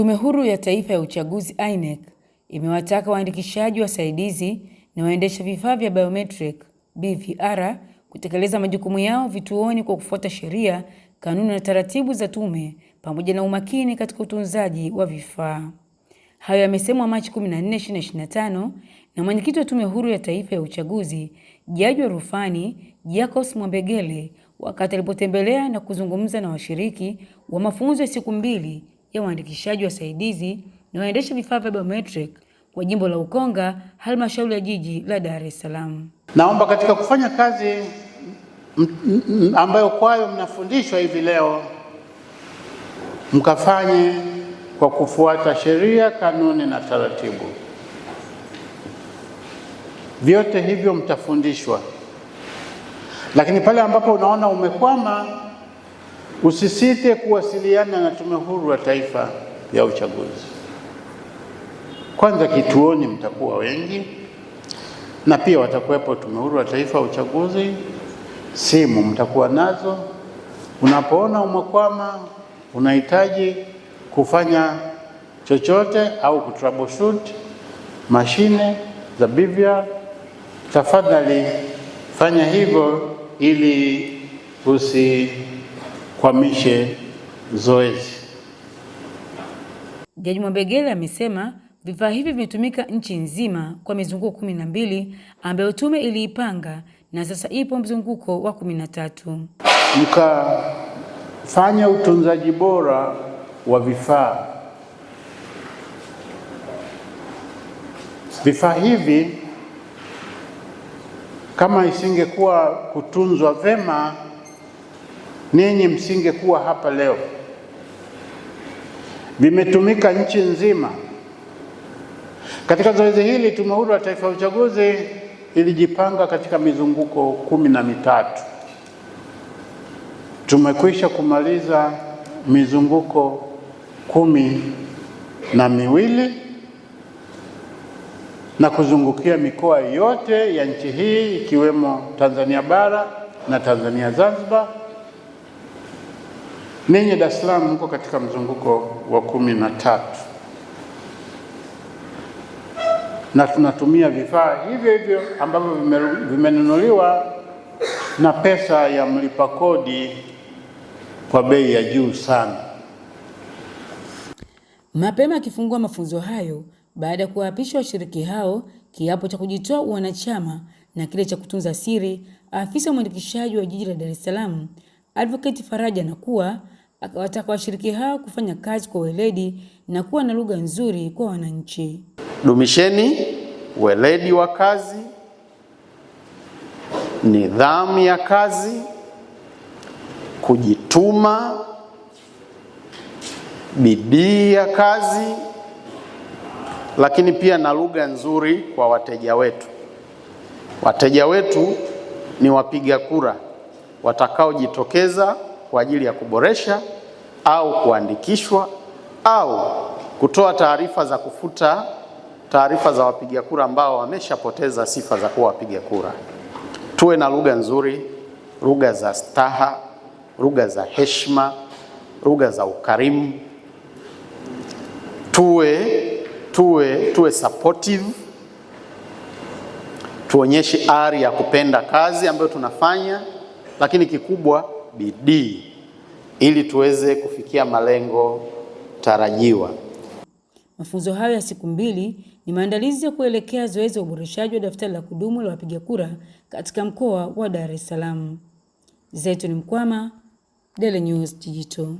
Tume Huru ya Taifa ya Uchaguzi INEC imewataka waandikishaji wasaidizi na waendesha vifaa vya biometric BVR kutekeleza majukumu yao vituoni kwa kufuata sheria, kanuni na taratibu za tume pamoja na umakini katika utunzaji wa vifaa. Hayo yamesemwa Machi 14, 2025 na mwenyekiti wa Tume Huru ya Taifa ya Uchaguzi, Jaji wa Rufani Jacobs Mwambegele wakati alipotembelea na kuzungumza na washiriki wa mafunzo ya siku mbili ya wa wasaidizi na waendesha vifaa vya biometric kwa jimbo la Ukonga, halmashauri ya jiji la Dar es Salaam. Naomba katika kufanya kazi ambayo kwayo mnafundishwa hivi leo, mkafanye kwa kufuata sheria, kanuni na taratibu. Vyote hivyo mtafundishwa, lakini pale ambapo unaona umekwama Usisite kuwasiliana na Tume Huru ya Taifa ya Uchaguzi. Kwanza kituoni mtakuwa wengi, na pia watakuwepo Tume Huru ya Taifa ya Uchaguzi. Simu mtakuwa nazo, unapoona umekwama, unahitaji kufanya chochote au kutroubleshoot mashine za BVR, tafadhali fanya hivyo ili usi tusikwamishe zoezi. Jaji Mwambegele amesema vifaa hivi vimetumika nchi nzima kwa mizunguko kumi na mbili ambayo tume iliipanga na sasa ipo mzunguko wa kumi na tatu. Mkafanya utunzaji bora wa vifaa. Vifaa hivi kama isingekuwa kutunzwa vema ninyi msingekuwa hapa leo. Vimetumika nchi nzima katika zoezi hili. Tume Huru ya Taifa ya Uchaguzi ilijipanga katika mizunguko kumi na mitatu. Tumekwisha kumaliza mizunguko kumi na miwili na kuzungukia mikoa yote ya nchi hii ikiwemo Tanzania bara na Tanzania Zanzibar. Ninyi Dar es Salaam mko katika mzunguko wa kumi na tatu na tunatumia vifaa hivyo hivyo ambavyo vimenunuliwa na pesa ya mlipa kodi kwa bei ya juu sana. Mapema akifungua mafunzo hayo baada ya kuwaapisha washiriki hao kiapo cha kujitoa wanachama na kile cha kutunza siri, afisa mwandikishaji wa jiji la Dar es Salaam Advocate Faraja na kuwa washiriki hao kufanya kazi kwa weledi na kuwa na lugha nzuri kwa wananchi. Dumisheni weledi wa kazi, nidhamu ya kazi, kujituma, bidii ya kazi, lakini pia na lugha nzuri kwa wateja wetu. Wateja wetu ni wapiga kura watakaojitokeza kwa ajili ya kuboresha au kuandikishwa au kutoa taarifa za kufuta taarifa za wapiga kura ambao wameshapoteza sifa za kuwa wapiga kura. Tuwe na lugha nzuri, lugha za staha, lugha za heshima, lugha za ukarimu. Tuwe tuwe tuwe supportive, tuonyeshe ari ya kupenda kazi ambayo tunafanya lakini kikubwa bidii, ili tuweze kufikia malengo tarajiwa. Mafunzo hayo ya siku mbili ni maandalizi ya kuelekea zoezi la uboreshaji wa daftari la kudumu la wapiga kura katika mkoa wa Dar es Salaam. Zaituni Mkwama, Daily News Digital.